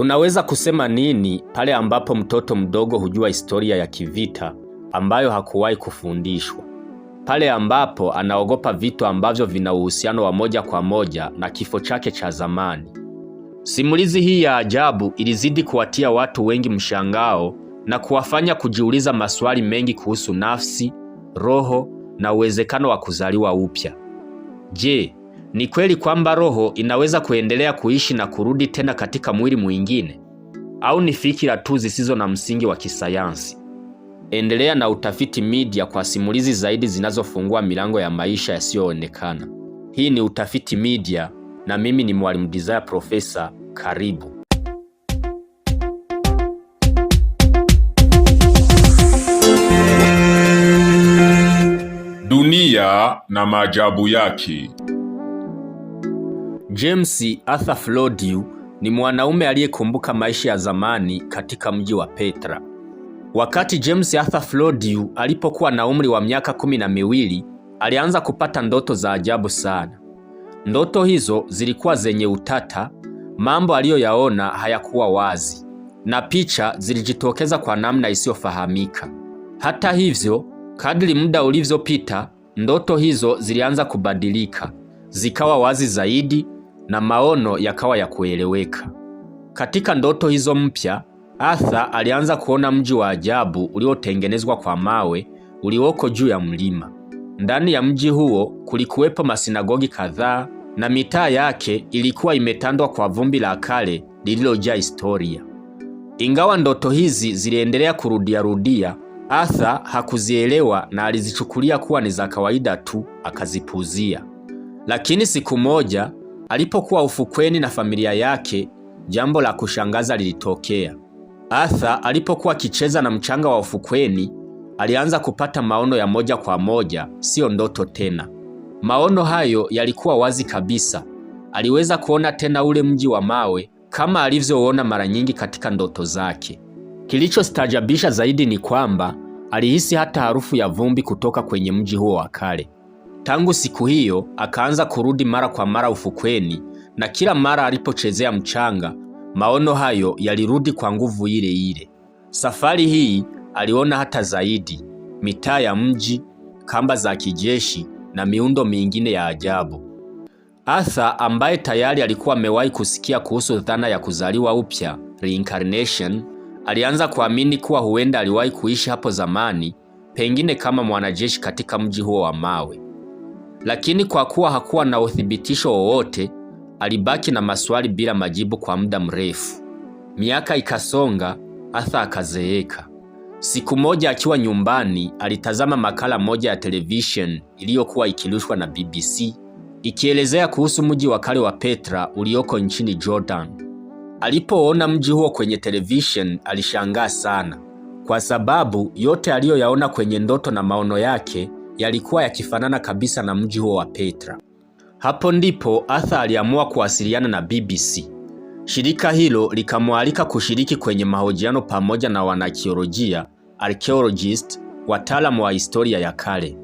Tunaweza kusema nini pale ambapo mtoto mdogo hujua historia ya kivita ambayo hakuwahi kufundishwa? Pale ambapo anaogopa vitu ambavyo vina uhusiano wa moja kwa moja na kifo chake cha zamani. Simulizi hii ya ajabu ilizidi kuwatia watu wengi mshangao na kuwafanya kujiuliza maswali mengi kuhusu nafsi, roho na uwezekano wa kuzaliwa upya. Je, ni kweli kwamba roho inaweza kuendelea kuishi na kurudi tena katika mwili mwingine au ni fikira tu zisizo na msingi wa kisayansi? Endelea na Utafiti Media kwa simulizi zaidi zinazofungua milango ya maisha yasiyoonekana. Hii ni Utafiti Media na mimi ni Mwalimu Desire Profesa. Karibu. Dunia na maajabu yake. James Arthur Flodiu ni mwanaume aliyekumbuka maisha ya zamani katika mji wa Petra. Wakati James Arthur Flodiu alipokuwa na umri wa miaka kumi na miwili, alianza kupata ndoto za ajabu sana. Ndoto hizo zilikuwa zenye utata, mambo aliyoyaona hayakuwa wazi, na picha zilijitokeza kwa namna isiyofahamika. Hata hivyo, kadri muda ulivyopita, ndoto hizo zilianza kubadilika, zikawa wazi zaidi na maono yakawa ya kueleweka. Katika ndoto hizo mpya, Arthur alianza kuona mji wa ajabu uliotengenezwa kwa mawe ulioko juu ya mlima. Ndani ya mji huo kulikuwepo masinagogi kadhaa na mitaa yake ilikuwa imetandwa kwa vumbi la kale lililojaa historia. Ingawa ndoto hizi ziliendelea rudia, Arthur hakuzielewa na alizichukulia kuwa ni za kawaida tu, akazipuzia. Lakini siku moja Alipokuwa ufukweni na familia yake, jambo la kushangaza lilitokea. Arthur alipokuwa akicheza na mchanga wa ufukweni, alianza kupata maono ya moja kwa moja, siyo ndoto tena. Maono hayo yalikuwa wazi kabisa. Aliweza kuona tena ule mji wa mawe kama alivyouona mara nyingi katika ndoto zake. Kilichostajabisha zaidi ni kwamba alihisi hata harufu ya vumbi kutoka kwenye mji huo wa kale. Tangu siku hiyo akaanza kurudi mara kwa mara ufukweni, na kila mara alipochezea mchanga, maono hayo yalirudi kwa nguvu ile ile. Safari hii aliona hata zaidi: mitaa ya mji, kamba za kijeshi na miundo mingine ya ajabu. Arthur ambaye tayari alikuwa amewahi kusikia kuhusu dhana ya kuzaliwa upya reincarnation, alianza kuamini kuwa huenda aliwahi kuishi hapo zamani, pengine kama mwanajeshi katika mji huo wa mawe lakini kwa kuwa hakuwa na uthibitisho wowote, alibaki na maswali bila majibu kwa muda mrefu. Miaka ikasonga, Atha akazeeka. Siku moja akiwa nyumbani, alitazama makala moja ya television iliyokuwa ikirushwa na BBC ikielezea kuhusu mji wa kale wa Petra ulioko nchini Jordan. Alipoona mji huo kwenye television, alishangaa sana, kwa sababu yote aliyoyaona kwenye ndoto na maono yake yalikuwa yakifanana kabisa na mji huo wa Petra. Hapo ndipo Arthur aliamua kuwasiliana na BBC. Shirika hilo likamwalika kushiriki kwenye mahojiano pamoja na wanakiolojia, archaeologist, wataalamu wa historia ya kale.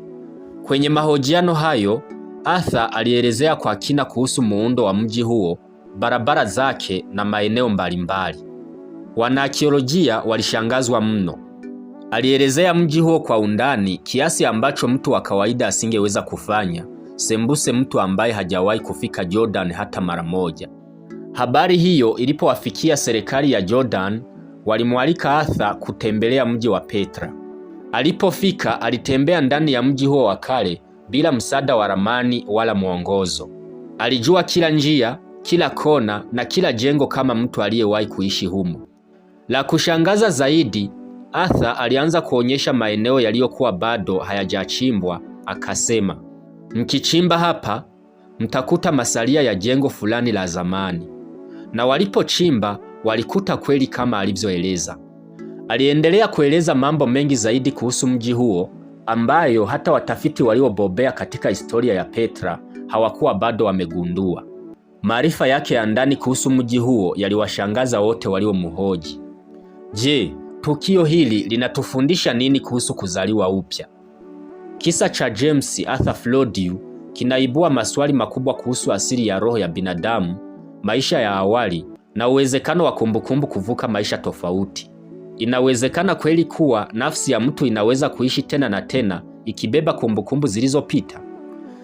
Kwenye mahojiano hayo, Arthur alielezea kwa kina kuhusu muundo wa mji huo, barabara zake na maeneo mbalimbali. Wanakiolojia walishangazwa mno. Alielezea mji huo kwa undani kiasi ambacho mtu wa kawaida asingeweza kufanya, sembuse mtu ambaye hajawahi kufika Jordan hata mara moja. Habari hiyo ilipowafikia serikali ya Jordan, walimwalika Arthur kutembelea mji wa Petra. Alipofika, alitembea ndani ya mji huo wa kale bila msaada wa ramani wala mwongozo. Alijua kila njia, kila kona na kila jengo kama mtu aliyewahi kuishi humo. La kushangaza zaidi, Arthur alianza kuonyesha maeneo yaliyokuwa bado hayajachimbwa, akasema, mkichimba hapa mtakuta masalia ya jengo fulani la zamani. Na walipochimba walikuta kweli kama alivyoeleza. Aliendelea kueleza mambo mengi zaidi kuhusu mji huo ambayo hata watafiti waliobobea katika historia ya Petra hawakuwa bado wamegundua. Maarifa yake ya ndani kuhusu mji huo yaliwashangaza wote waliomhoji. Je, Tukio hili linatufundisha nini kuhusu kuzaliwa upya? Kisa cha James Arthur Flodiu kinaibua maswali makubwa kuhusu asili ya roho ya binadamu, maisha ya awali na uwezekano wa kumbukumbu kuvuka maisha tofauti. Inawezekana kweli kuwa nafsi ya mtu inaweza kuishi tena na tena ikibeba kumbukumbu zilizopita?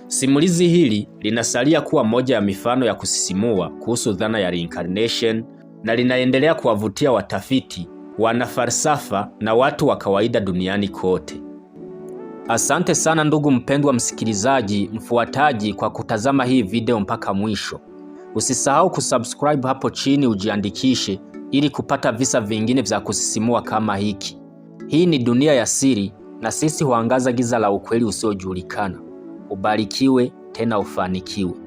Simulizi hili linasalia kuwa moja ya mifano ya kusisimua kuhusu dhana ya reincarnation na linaendelea kuwavutia watafiti wanafalsafa na watu wa kawaida duniani kote. Asante sana ndugu mpendwa msikilizaji, mfuataji kwa kutazama hii video mpaka mwisho. Usisahau kusubscribe hapo chini ujiandikishe ili kupata visa vingine vya kusisimua kama hiki. Hii ni Dunia ya Siri na sisi huangaza giza la ukweli usiojulikana. Ubarikiwe tena ufanikiwe.